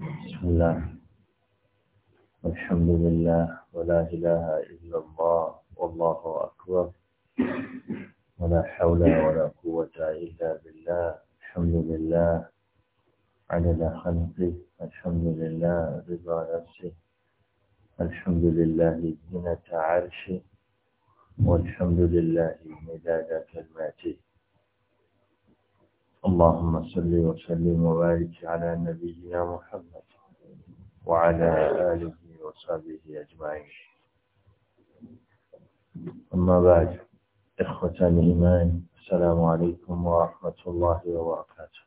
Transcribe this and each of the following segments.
بسم الله الحمد لله ولا إله إلا الله والله أكبر ولا حول ولا قوة إلا بالله الحمد لله عدد خلقه الحمد لله رضا نفسه الحمد لله زينة عرشه والحمد لله مداد كلماته اللهم صل وسلم وبارك على نبينا محمد وعلى آله وصحبه أجمعين أما بعد إخوة الإيمان السلام عليكم ورحمة الله وبركاته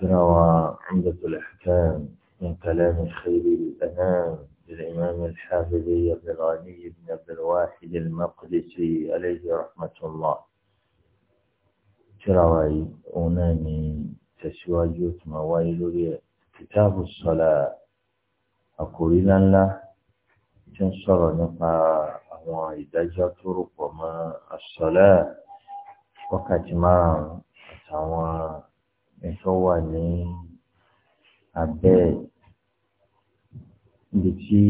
تروى عمدة الأحكام من كلام خير الأنام للإمام الحافظ بن الغني بن عبد الواحد المقدسي عليه رحمة الله tíra wa yìí òun náà ni tẹ̀síwájú ó ti máa wáyé lórí ẹ̀ kìtáàbù sọ̀lá àkòrí ńláńlá tí ń sọ̀rọ̀ nípa àwọn ìdájọ́ tó rò pọ̀ mọ́ àsọ̀lá wákàtí márùn-ún àtàwọn ẹ̀tọ́ wà ní abẹ́ ibi tí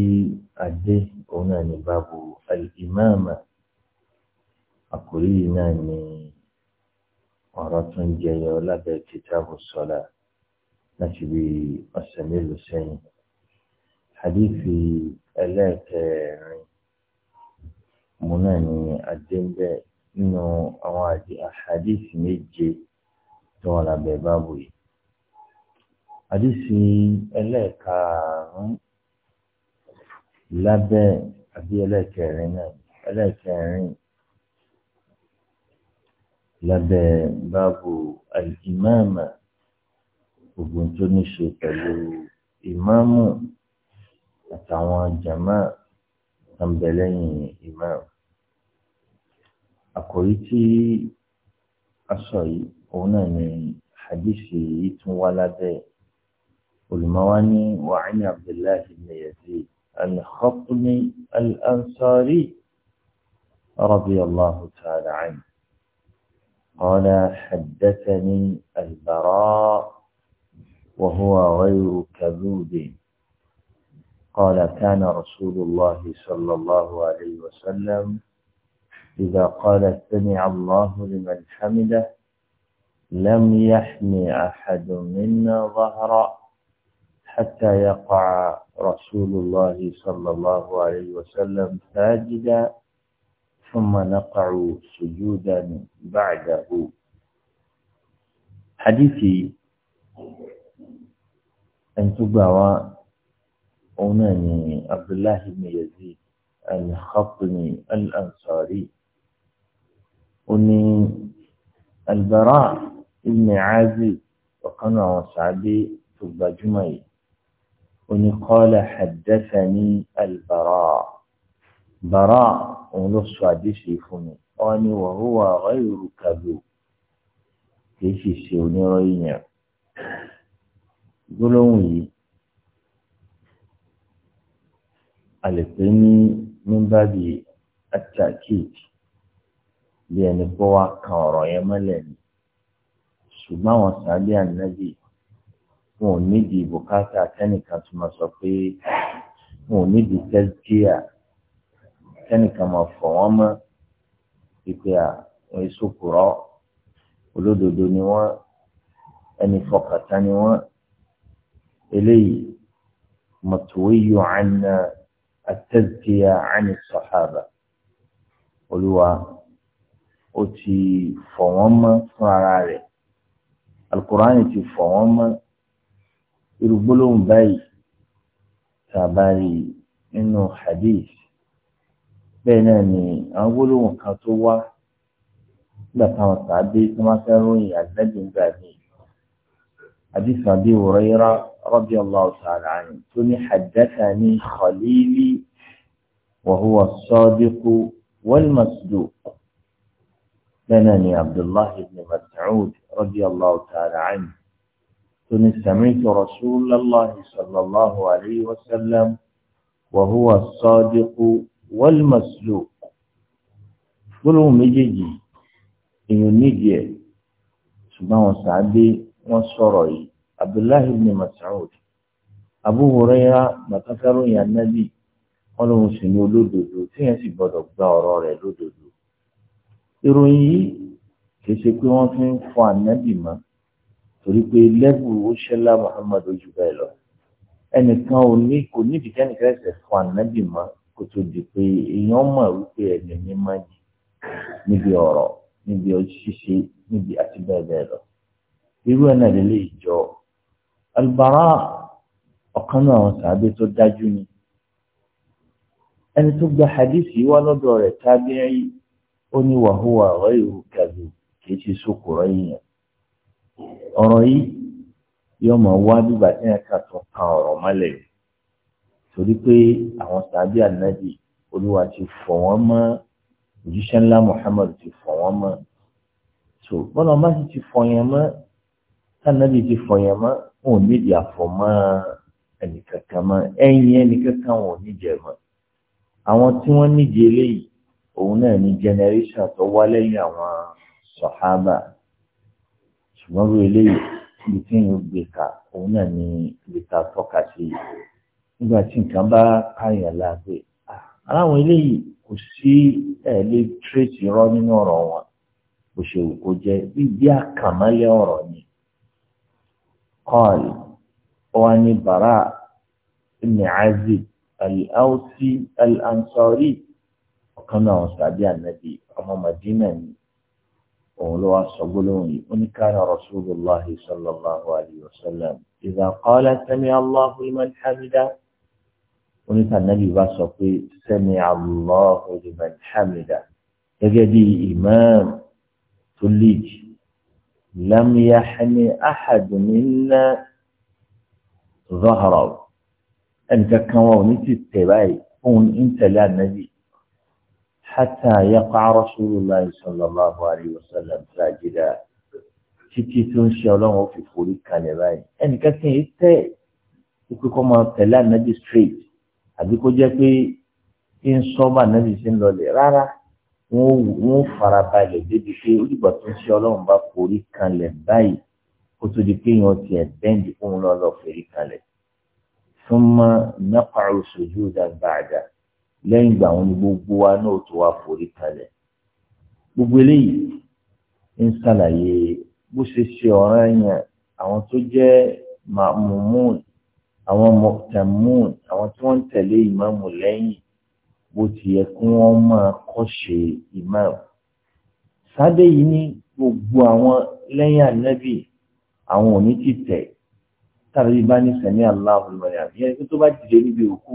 adé òun náà ní báàbù al-imama àkòrí yìí náà ni ọ̀rọ̀ tó ń jẹyọ lábẹ́ kìtàbù sọ́lá láti bí ọ̀sẹ̀ mélòó sẹ́yìn. Hadithi ẹlẹ́ẹ̀kẹrin mo náà ní adéńbẹ́ nínú àwọn hadithi méje tó wà lábẹ́ báàbò yìí. Hadithi ẹlẹ́ẹ̀karùn lábẹ́ àbí ẹlẹ́ẹ̀kẹrin náà ẹlẹ́ẹ̀kẹrin lábẹ́ báàbù al-imama gbogbo tó ní ṣe pẹ̀lú ìmáàmù àtàwọn jàmá àǹbẹ̀lẹ́yìn ìmáàmù. Àkòrí tí a sọ yìí òun náà ni hadisi yìí tún wá lábẹ́ olùmọ́wá ní wàhání abdullahi ibn yazid al-khatmi al-ansari ta'ala anhu. قال حدثني البراء وهو غير كذوب قال كان رسول الله صلى الله عليه وسلم إذا قال سمع الله لمن حمده لم يحمي أحد منا ظهرا حتى يقع رسول الله صلى الله عليه وسلم ساجدا ثم نقع سجودا بعده حديثي أن تبعوا أناني عبد الله بن يزيد الخطمي الأنصاري أني البراء بن عازي وقنع وسعدي تبع جمعي أني قال حدثني البراء براء òun ló sọ àdìsí fún mi wọn ni wọn hùwà ọ̀rọ̀ ìrù kàlù kì í sì ṣe onírọ́ ìyẹn gbólóhùn yìí a lè pè ní nígbàdí àtàkìtì bí ẹni bọ́ wá kan ọ̀rọ̀ yẹn mọ́lẹ̀ ni ṣùgbọ́n àwọn sábẹ́ ànábì wọn ò nídìí bùkátà kẹ́nìkan tó máa sọ pé wọn ò nídìí tẹ́síà kẹ́nìkan máa fọ̀ wọ́n mọ́ ìpè à wọ́n sòkùrọ́ olódodo ni wọ́n ẹni fọkàtà ni wọ́n eléyìí mọ̀tòwéyò àna àtẹ́síyà àni sọ̀hábà olúwa ó ti fọ̀ wọ́n mọ́ fún ara rẹ̀ alukur'ani ti fọ̀ wọ́n mọ́ irú gbólóhùn báyìí tàbá nínú hadith bẹ́ẹ̀ náà ni àwọn gbólóhùn kan tó wá nígbà táwọn sàádé tó máa fẹ́ ròyìn àdínẹ́gbẹ̀ngbà ni àdìsàn àbí òrẹ́rà rọ́bì ọlọ́ọ̀tàrà ni tó ní àdẹ́sà ní kọ̀lílì wàhùwà sọ́ọ́dẹ́kù wọ́lmọ̀sídò bẹ́ẹ̀ náà ni abdullahi ibn mas'ud rọ́bì ọlọ́ọ̀tàrà ni tó ní sàmìtì rasulallah sallallahu alayhi wa sallam wàhùwà sọ́ọ́dẹ́kù wọ́lmọ̀sílò gbólóhùn méjèèjì èèyàn nídìí ẹ̀ ṣùgbọ́n àwọn sàádé wọ́n sọ̀rọ̀ yìí abdullahi ibn mas'ud abu huraira matakaro yan nabi wọn lòun sì ní olódodo tíyẹn sì gbọ́dọ̀ gba ọ̀rọ̀ rẹ̀ lódodo ìròyìn yìí kì í ṣe pé wọ́n fi ń fọ ànábì mọ́ torí pé lẹ́bù oṣẹ́lá muhammad ojú bẹ́ẹ̀ lọ ẹnìkan ò ní kò nídìí kẹ́nìkan ẹ̀sẹ̀ fọ ànábì mọ́ kó tó di pé èèyàn mọ̀ wípé ẹ̀mí mímọ́ ni níbi ọ̀rọ̀ níbi ṣíṣe níbi àti bẹ́ẹ̀ bẹ́ẹ̀ lọ. irú ẹ̀ náà lélẹ́ ìjọ Al-Bara ọ̀kan náà àwọn sàábé tó dájú ni ẹni tó gba hadisi wá lọ́dọ̀ rẹ̀ tábíyí ó ní wàhúwà ọ̀rọ̀ ìhù kàdù kìí ṣe sókòrọ̀ èèyàn ọ̀rọ̀ yìí yọmọ wá bíbà tí wọn kan ọ̀rọ̀ mọ́lẹ̀ yìí torí pé àwọn sàbí ànábì olúwa ti fọ̀ wọ́n mọ́ òjíṣẹ́ ńlá Muhammad ti fọ̀ wọ́n mọ́ so bọ́lá má sì ti fọ̀ yẹn mọ́ sànábì ti fọ̀ yẹn mọ́ wọn ò nídìí àfọ̀mọ́ ẹnìkankan mọ́ ẹ̀yìn ẹnìkankan wọn ò nídìí mọ́ àwọn tí wọ́n nídìí eléyìí òun náà ní generation tó wá lẹ́yìn àwọn sọ̀hábà ṣùgbọ́n bí eléyìí ibi tí yóò gbé ka òun náà ní ibi tá a tọ́ka sí yìí nígbà tí nǹkan bá káyàn lágbè aláwọn eléyìí kò sí ẹ lè tírèsì rọ nínú ọ̀rọ̀ wọn bó ṣe wù kó jẹ bíbí àkàmọlẹ ọ̀rọ̀ ni kọọlì wọn ni bàrà ibn azib al-awsi al-ansari ọ̀kan náà sàbí ànábì ọmọ madina ni òun ló wá sọ gbólóhùn yìí ó ní kára rasulillah sallallahu alayhi wa sallam idha qala sami allahu liman hamida onítànàbí bá sọ pé sẹ́mi Allahu liman hamida gẹ́gẹ́ bí imam tó léèjì lam yahni ahadu minna zahara ẹnìkan kan wà ní ti tẹ̀ báyìí fún ń tẹ̀lé ànábì hatta yaqa rasulullah sallallahu alayhi wa sallam sajida títí tó ń ṣe ọlọ́run ó fi forí kalẹ̀ báyìí ẹnìkan kan yìí tẹ̀ ikú kọ́ máa tẹ̀lé ànábì straight àbí kó jẹ́ pé kí n sọ́bà náà sì ń lọlẹ̀ rárá wọ́n ó fara balẹ̀ débi pé ó dìgbà tó ń ṣe ọlọ́run bá forí kanlẹ̀ báyìí kó tó di pé yẹn ti ẹ̀ bẹ́ǹdì fún un lọ́ọ́ forí kanlẹ̀ fún mọ́ nàpàrọ̀ sojú dàgbàdà lẹ́yìn ìgbà wọn ni gbogbo wa náà tó wá forí kanlẹ̀ gbogbo eléyìí ń ṣàlàyé bó ṣe ṣe ọ̀ràn yẹn àwọn tó jẹ́ màmúmú àwọn mọ̀tàmún àwọn tí wọ́n ń tẹ̀lé ìmáàmù lẹ́yìn bó ti yẹ kí wọ́n máa kọ́ṣe ìmáàmù. sáde yìí ní gbogbo àwọn lẹ́yìn ànábì àwọn òní ti tẹ̀ tàbí bá ní sẹ́mi aláàbùmọ̀lẹ́ àbí ẹni pé tó bá dìde níbi òkú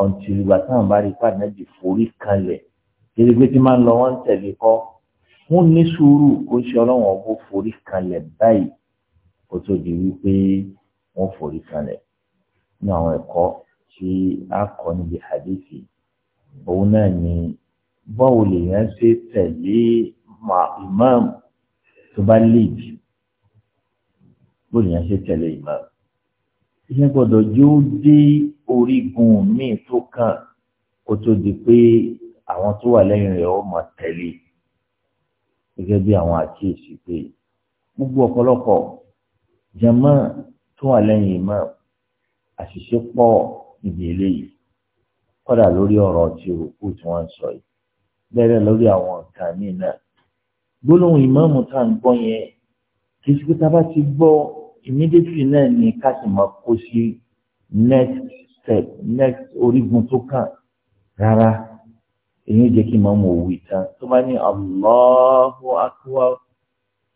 ọ̀ǹtì ìgbà táwọn bá rí pàdé náà di forí kalẹ̀ kiri pé tí máa ń lọ wọ́n ń tẹ̀lé kọ́ wọ́n ní sùúrù kó ṣe ọlọ́wọ́n bó forí kalẹ̀ báyìí kó tó di wípé wọ́n forí kalẹ̀ ní àwọn ẹ̀kọ́ tí a kọ́ níbi hadithi òun náà ni báwo lèèyàn ṣe tẹ̀lé imam tó bá lead bó lèèyàn ṣe tẹ̀lé imam iṣẹ́ gbọ́dọ̀ yóò dé orígun míì tó kàn kó tó di pé àwọn tó wà lẹ́yìn rẹ̀ ó máa tẹ̀lé gẹ́gẹ́ bí àwọn àkíyèsí pé gbogbo ọ̀pọ̀lọpọ̀ jàmáà tó wà lẹ́yìn imam àṣìṣe pọ̀ níbi eléyìí kódà lórí ọ̀rọ̀ ti òkú tí wọ́n ń sọ yìí bẹ́ẹ̀ lórí àwọn nǹkan míì náà gbólóhùn ìmáàmù tá à ń gbọ́ yẹn kì í ṣe pé tá a bá ti gbọ́ immediately náà ni ká sì máa kó sí next step next orígun tó kàn rárá èyí jẹ́ kí ìmáàmù òwì tán tó bá ní Allahu akbar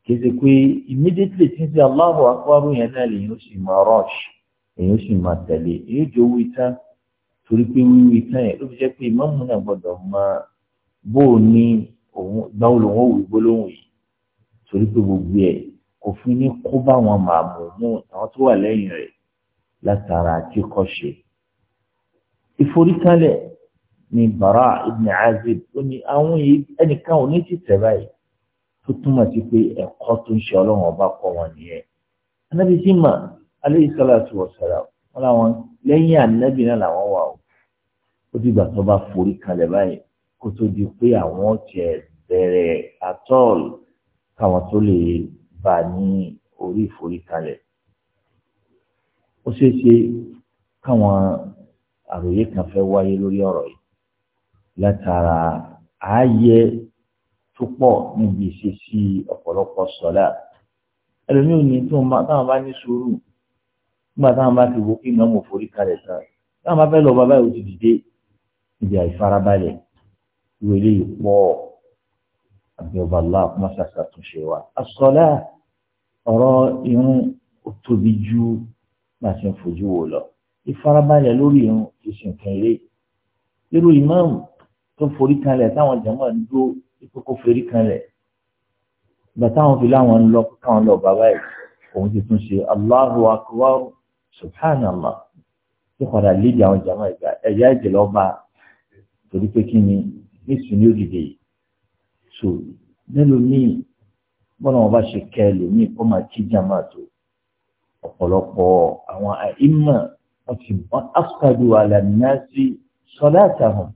kì í ṣe pé immediately tí ń ṣe Allahu akbar yẹn náà lèyìn ó sì máa rush èyàn sì máa tẹ̀lé èyí jọ wí tán torí pé wíwí tán yẹn ló fi jẹ́ pé ìmáàmù náà gbọ́dọ̀ máa bó o ní òun gbáwó lòun ò wí gbólóhùn yìí torí pé gbogbo ẹ̀ kò fi ní kó bá wọn máa mú mú àwọn tó wà lẹ́yìn rẹ̀ látara kíkọ́ ṣe. ìforíkálẹ̀ ni bara ibn azib ó ní àwọn yìí ẹnìkan ò ní ti tẹ̀ báyìí tó túmọ̀ sí pé ẹ̀kọ́ tó ń ṣe ọlọ́run ọba kọ́ wọn nìyẹn. anábìsí máa alayhi salatu wa salam wọn làwọn lẹ́yìn ànábì náà làwọn wà o ó ti gbà tó bá forí kalẹ̀ báyìí kó tó di pé àwọn tiẹ̀ bẹ̀rẹ̀ àtọ́ọ̀lù káwọn tó lè bà ní orí ìforí kalẹ̀ ó ṣeé ṣe káwọn àròyé kan fẹ́ wáyé lórí ọ̀rọ̀ yìí látara ààyè tó pọ̀ níbi ìṣesí ọ̀pọ̀lọpọ̀ sọ́lá ẹlòmíràn ní tí wọ́n bá ní sùúrù nígbà táwọn bá ti wo kí mọ́mù forí kalẹ̀ tán táwọn bá fẹ́ lọ bàbá yìí ó ti dìde ibi àìfarabalẹ̀ ìwé eléyìí pọ̀ àbíọ̀bà allah kó má ṣàṣàtúnṣe wa. àsọlá ọ̀rọ̀ irun ó tóbi ju bá a ṣe ń fojú wò lọ ìfarabalẹ̀ lórí irun ti sùn kẹ́lẹ́ irú ìmáàmù tó forí kalẹ̀ táwọn jàmọ́ ń dúró ìkókó forí kalẹ̀ gbàtà àwọn fi láwọn ń lọ káwọn lọ bàbá yìí òun ti tún ṣe Allahu akbar subhanallah tó padà lédi àwọn jàmọ́ ìgbà ẹ̀yà ìjẹ̀lẹ̀ ọba torí pé kí ni nísìnyí ní òdìdè yìí so mẹ́lòmíì bọ́lá wọn bá ṣe kẹ́ ẹlòmíì kó máa kí jàmọ́ àtò ọ̀pọ̀lọpọ̀ àwọn àìmọ̀ wọ́n ti wọ́n afkadu alànàásì sọ́dáàtà hàn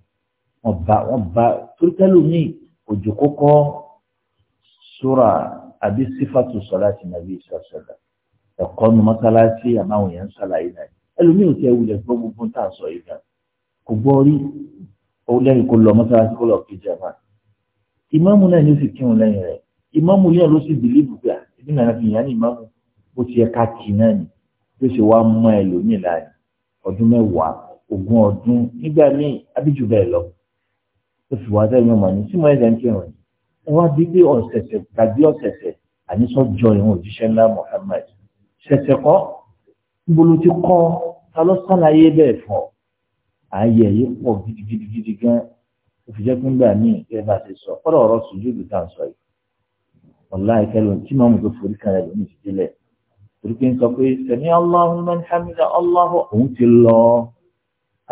wọ́n bá wọ́n bá torípẹ́lòmíì òjò kókó sóra àbí sífàtù sọ́dáàtì nàbí ìsọ̀sọ̀dà ẹ̀kọ́ nu mọ́sálásí àbáwọn èèyàn ń ṣàlàyé náà ẹlòmíì tẹ wulẹ̀ gbọ́ gbogbo tá à ń sọ yìí gan kò gbọ́ rí ó lẹ́yìn kó lọ mọ́sálásí kó lọ kéjì àbá ìmáàmù náà ni ó sì kírun lẹ́yìn rẹ̀ ìmáàmù yẹn ló sì bìlíìbù pé ẹbí ah, náà fi yàn ní ìmáàmù bó ti yẹ ká kì náà ni bí ó ṣe wá mọ́ ẹlòmíì láàyè ọdún mẹ́wàá ogún ọdún nígbà míì abíjù bẹ́ẹ̀ lọ ó sì wá sẹ́yìn ọmọ ní símọ́ ẹ̀jẹ̀ ń kírun ẹ wá bí pé ọ̀sẹ̀sẹ̀ tàbí ọ̀sẹ̀sẹ̀ àníṣọ́jọ́ ìwọ̀n òjíṣẹ́ ńlá Muhammad ṣẹ̀ṣẹ̀ kọ́ gbolo ti kọ́ ta ló sàlàyé bẹ́ẹ̀ fọ́ ààyè yìí pọ̀ gan òfìjẹ́ pé ńgbà míì ẹ bá ti sọ ọrọ ọ̀rọ̀ tá à ń sọ yìí tí màá mú tó forí kan rẹ̀ lónìí ti délẹ̀ torí pé sọ pé aláhùn aláhùn òun ti lọ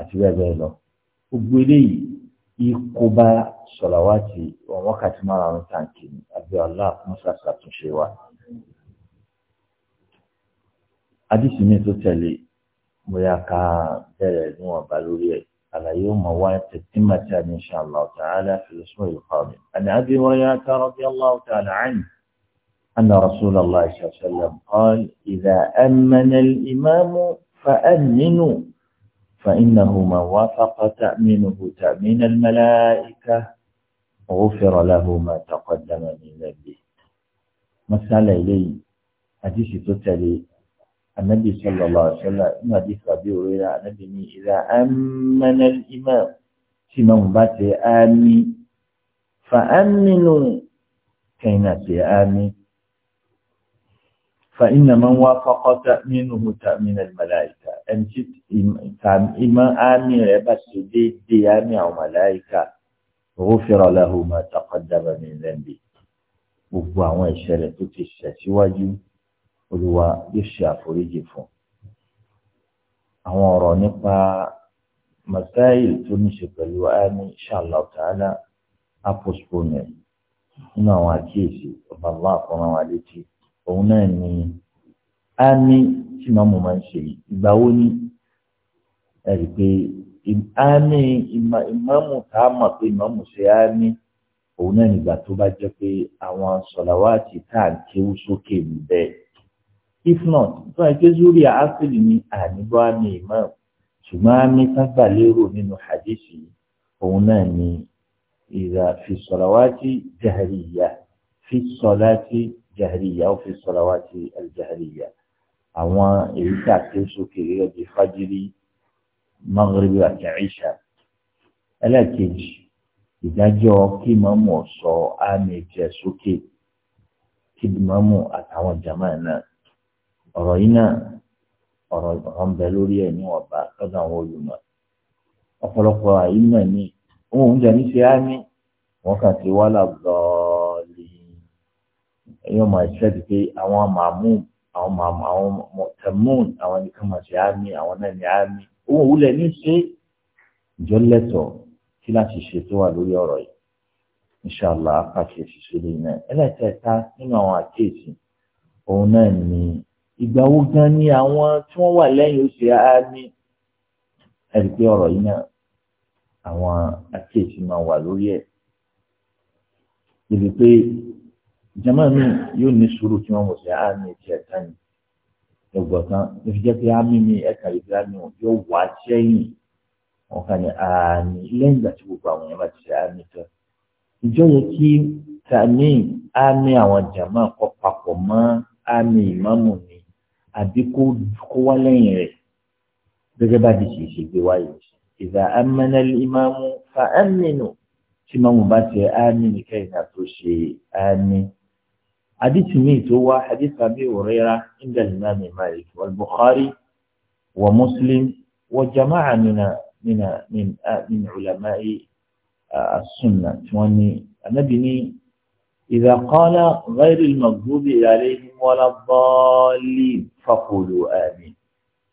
àti lọ gbogbo eléyìí wákàtí tàǹkì musa ṣàtúnṣe wa. àdìsí mi tó tẹ̀lé bóyá ká bẹ̀rẹ̀ níwọ̀nba lórí ẹ̀ àlàyé ọmọ wa تتمة إن شاء الله تعالى في الأسبوع القادم عن أبي هريرة رضي الله تعالى عنه أن رسول الله صلى الله عليه وسلم قال إذا أمن الإمام فأمنوا فإنه من وافق تأمينه تأمين الملائكة غفر له ما تقدم من ذنبه مسألة إليه حديث تتلي anabi sallallahu alaihi wasallam nígbà tí fàbí òrera anabi ní ìlà amẹ́nẹ́ ìmọ̀ tí màmú bá ti àmì fa aminu kẹ́yìn náà ti àmì fa inna man wafaqata minhu ta'min al-malaika ẹn tí ìmọ̀ àmì rẹ̀ bá ṣe déédéé àmì àwọn màláìka ghufira lahu ma taqaddama min dhanbi gbogbo àwọn ìṣẹ̀lẹ̀ tó ti ṣẹ̀ síwájú. Si olúwa yóò ṣe àforíjì fún àwọn ọ̀rọ̀ nípa masáìl tó ní ṣe pẹ̀lú ayáni inshallah ta'ala apostpone nínú àwọn àkíyèsí ọba bá àkọ́ràn wa létí òun náà ni ayáni tí màmú máa ń ṣe ìgbà wo ni ẹ rí i pé àmì ìmáàmù tá a mọ̀ pé ìmáàmù ṣe àmì òun náà nígbà tó bá jẹ́ pé àwọn sọ̀làwátì tá à ń kéwú sókè níbẹ̀ if not tó ẹ pé zuri asili ni àníbọ́ àmì imam ṣùgbọ́n àmì sábà lérò nínú hadithi òun náà ni ìdá fi salawati jahriya fi salati jahriya ó fi salawati aljahriya àwọn èyí tá a ké sókè gẹ́gẹ́ bí fajiri maghribi àti isha ẹlẹ́ẹ̀kejì ìdájọ́ kí mọ́mú ọ̀sọ́ àmì ìjẹ́ sókè kí mọ́mú àtàwọn jàmáà náà ọ̀rọ̀ yìí náà ọ̀rọ̀ ọ̀rọ̀ ń bẹ lórí ẹ̀ níwọ̀nba lọ́dọ̀ àwọn olùmọ̀ ọ̀pọ̀lọpọ̀ àyínà ni òun oúnjẹ ní ṣe á ní wọ́n kàn ti wá làbọ̀ọ́lì ẹ̀yọ́ máa ṣe ti pé àwọn màmúù àwọn màmú àwọn tẹ̀mún àwọn nìkan máa ṣe á ní àwọn náà ní á ní òun òwúlẹ̀ ní ṣe ìjọ lẹ́tọ̀ kí láti ṣe tó wà lórí ọ̀rọ̀ yìí inṣàlá pàṣẹ ṣiṣẹ́ lẹ́yìn náà ẹlẹ́tẹ̀ẹ́ta nínú àwọn àkéèsì òun náà ni ìgbà wo gan ni àwọn tí wọ́n wà lẹ́yìn oṣù àmì ẹ̀rí pé ọ̀rọ̀ yìí náà àwọn akéèsì máa wà lórí ẹ̀ ibi pé jama mi yóò ní sùúrù tí wọ́n mọ̀ sí àmì ti ẹ̀ka ni ẹgbọ̀n kan ló fi pé àmì mi ẹ̀ka ìdí àmì yóò wá sẹ́yìn wọn kà ní àmì lẹ́yìn ìgbà tí gbogbo àwọn yẹn bá ti ṣe àmì tán ìjọ yẹ kí tani àmì àwọn jama kọ papọ̀ mọ́ àmì ìmáàmù ni àbí kó wá lẹ́yìn rẹ̀ gẹ́gẹ́ bá di ṣèṣe gbé wáyé ìdá amẹ́nẹ́lì ìmáàmù fa ẹ́mìnù tí máàmù bá ti áání nìkẹ́ ìdá tó ṣe áání. Hadith mi tó wá hadith Abi Hurairah inda al-Imam Malik wal-Bukhari wa Muslim wa jama'a min min min min ulama'i as-sunnah tí wọ́n ní anábì ní ìdá qala ghayri al-maghdubi wala dhalin faqulu amin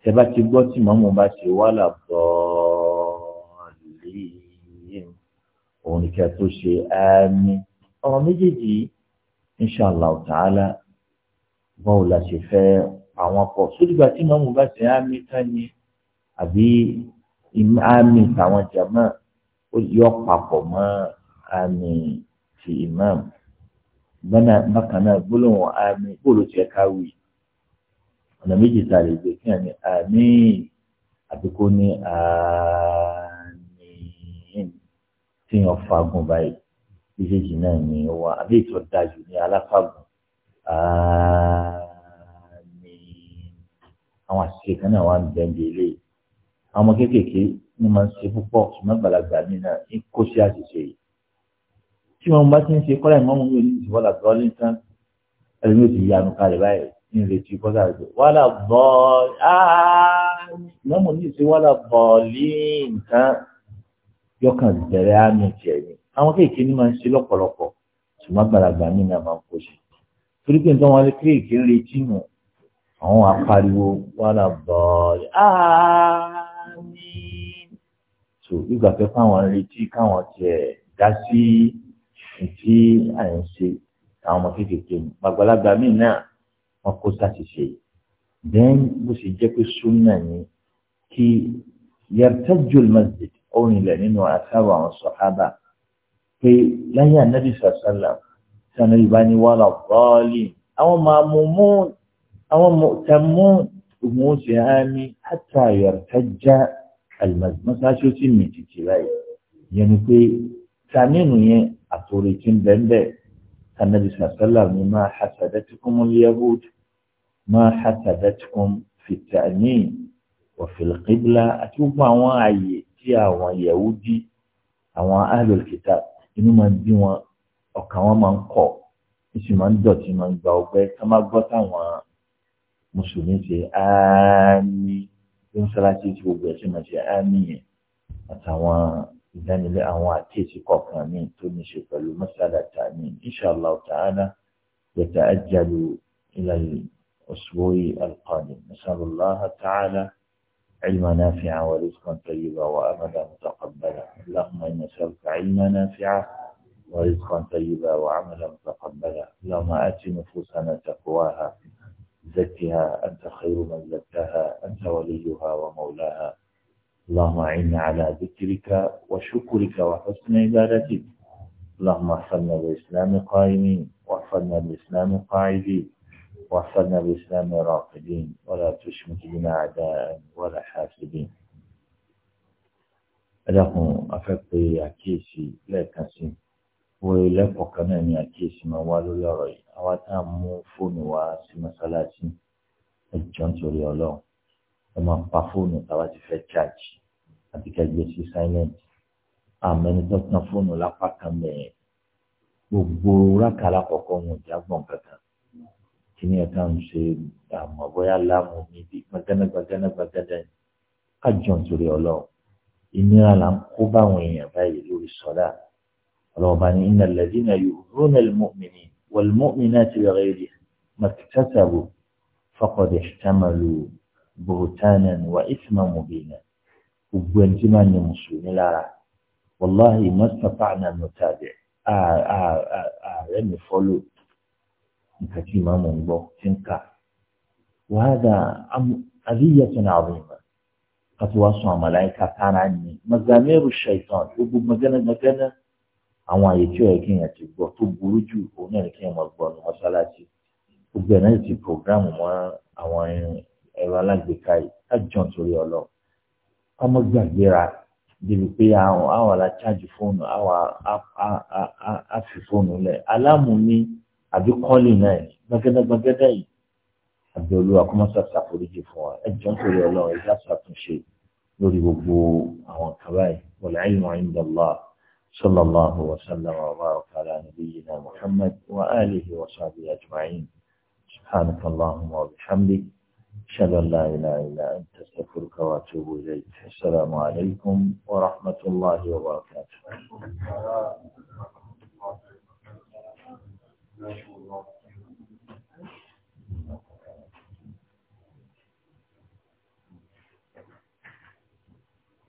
tẹ́bá ti gbọ́ tí màmú bá ṣe wala dhalin òun ni kí a tó ṣe àmín ọ̀rọ̀ méjèèjì inṣàlá ta'ala báwo la ṣe fẹ́ àwọn pọ̀ sódìgbà tí màmú bá ṣe àmín tán ni àbí àmín tàwọn jàmáà yọ papọ̀ mọ́ àmín ti imam bọ́nà bákanáà gbólóhùn àmì bóòlù tiẹ̀ káwì ọ̀nà méjì tá a lè gbé kíyàn ní àmì àti kó ní àmì tíyàn fagun báyìí méjèèjì náà ni ó wà àbí ìtọ́ dájú ní aláfàgùn àmì àwọn àṣìṣe kan náà wà ń bẹ́ẹ̀ lé àwọn ọmọ kéékèèké ni máa ń ṣe púpọ̀ ṣùgbọ́n àgbàlagbà mi náà ń kó sí àṣìṣe yìí tí wọn bá ti ń ṣe kọ́lá ìmọ̀mù mi ò ní ìṣìwọ́lá tó lé tán ẹlẹ́mi ò ti yanu kalẹ̀ báyìí ní ìrètí kọ́lá rẹ̀ wàhálà bọ́ọ̀lì ìmọ̀mù ní ìṣìwọ́lá bọ́ọ̀lì nǹkan yọkàn bẹ̀rẹ̀ àmì tiẹ̀ ni àwọn kéèké ní máa ń ṣe lọ́pọ̀lọpọ̀ ṣùgbọ́n gbàràgbà mí a máa ń kó ṣe torí pé nǹkan wọn kéèké ń retí nù àwọn apariwo wàhálà bọ́ọ̀lì àmì tó ìgbà pé káwọn retí káwọn tiẹ̀ dá sí tí à ń ṣe àwọn ọmọ kékeré ni gbàgbàlagbà míì náà wọn kó sàṣìṣe bẹ́ẹ̀ bó ṣe jẹ́ pé súnà ni kí yartajju al-masjid òun ilẹ̀ nínú àṣàrò àwọn sọ̀hábà pé láyé ànábì sàṣàlà sànà ìbá ni wà lọ bọ́ọ̀lì àwọn màmúmú àwọn tẹ̀mú òun ó ṣe á ní hatta yartajja al-masjid mọ́ṣáṣí ó tìtì báyìí yẹn ni pé tàmínú yẹn àtòrí tí ń bẹ́ńbẹ́ kanabi sàlá ni máa hasadatukum yahud máa hasadatukum fìtàní òfìlìkìbìlà àti gbogbo àwọn ààyè tí àwọn yahudi àwọn ahlul kitab inú máa ń bí wọn ọkàn wọn máa ń kọ ìsì máa ń dọ̀tí máa ń gba ọgbẹ́ ká má gbọ́ táwọn mùsùlùmí ṣe áámi ló ń sáláṣí tí gbogbo ẹ̀ ṣe máa ṣe áámi yẹn àtàwọn. ìdánilẹ́ àwọn àkíyèsí kọ̀ọ̀kan míì tó ní تأمين إن شاء الله تعالى يتأجل إلى الأسبوع القادم نسأل الله تعالى nasallallahu ta'ala علما نافعا ورزقا طيبا وأمدا متقبلا اللهم إن نسألك علما نافعا ورزقا طيبا وعملا متقبلا اللهم آت نفوسنا تقواها زكها أنت خير من زكاها أنت وليها ومولاها اللهم أعنا على ذكرك وشكرك وحسن عبادتك اللهم احفظنا بالإسلام قائمين واحفظنا بالإسلام قاعدين واحفظنا بالإسلام راقدين ولا تشمت بنا أعداء ولا حاسدين ẹlẹ́kùn afẹ́pẹ́ àkíyèsí lẹ́ẹ̀kan sí wọ́n lẹ́kọ̀ọ́ kan náà ní àkíyèsí máa wá lórí ọ̀rọ̀ yìí àwa tá à mú fóònù wa sí mọ́sálásí ẹ̀jọ̀ nítorí ọlọ́run ẹ máa pa fóònù táwa ti fẹ́ charge àti kẹgbẹ́ sí silent àmọ́ ẹni tó tan fóònù lápá kan mẹ́rin gbogbo rákà lákọ̀ọ́kọ́ wọn ò já gbọ̀n kankan kìíní ẹ̀ kàn ń ṣe àmọ́ bóyá láàmú níbi gbọ́ngànàgbọ́ngànàgbọ́ngànà kájọ̀ nítorí ọlọ́run ìnira là ń kó báwọn èèyàn báyìí lórí sọ́dà ọlọ́run bá ní innal ladhina yu'dhuna al-mu'minina wal-mu'minati bighayri ma iktasabu faqad ihtamalu bùhùtánà wa isma mùbìnà gbogbo ẹni tí máa ń ní mùsùlùmí lára wàláhì mọ́tàpá àná nùtàdé ààrẹ mi fọ́lò nǹkan tí màmú ń gbọ́ tí ń kà wàhádà àríyàtọ̀ náà àbúrò náà kàtó wá sùn àmàláìka shaitan gbogbo magana àwọn àyè tí ọ̀rẹ́ kí n àti gbọ́ tó burú jù òun náà kí n máa gbọ́ ní mọ́sálásí gbogbo ẹ̀rọ alágbèéká yìí kájọ̀n torí ọlọ ọmọ gbàgbéra débi pé àwọn àwọn la chájì fóònù àwọn àfi fóònù lẹ aláàmù ní àbí kọ́ọ̀lì náà ní gbàgẹ́dẹ́gbàgẹ́dẹ́ yìí àbí olúwa kó má ṣàforíjì fún wa ẹjọ́ torí ọlọ ẹjọ́ ṣàtúnṣe lórí gbogbo àwọn kaba yìí wal ilmu inda Allah sallallahu wa sallam wa baraka ala nabiyyina Muhammad wa alihi wa sahbihi ajma'in subhanaka أشهد أن لا إله إلا أنت أستغفرك وأتوب إليك السلام عليكم ورحمة الله وبركاته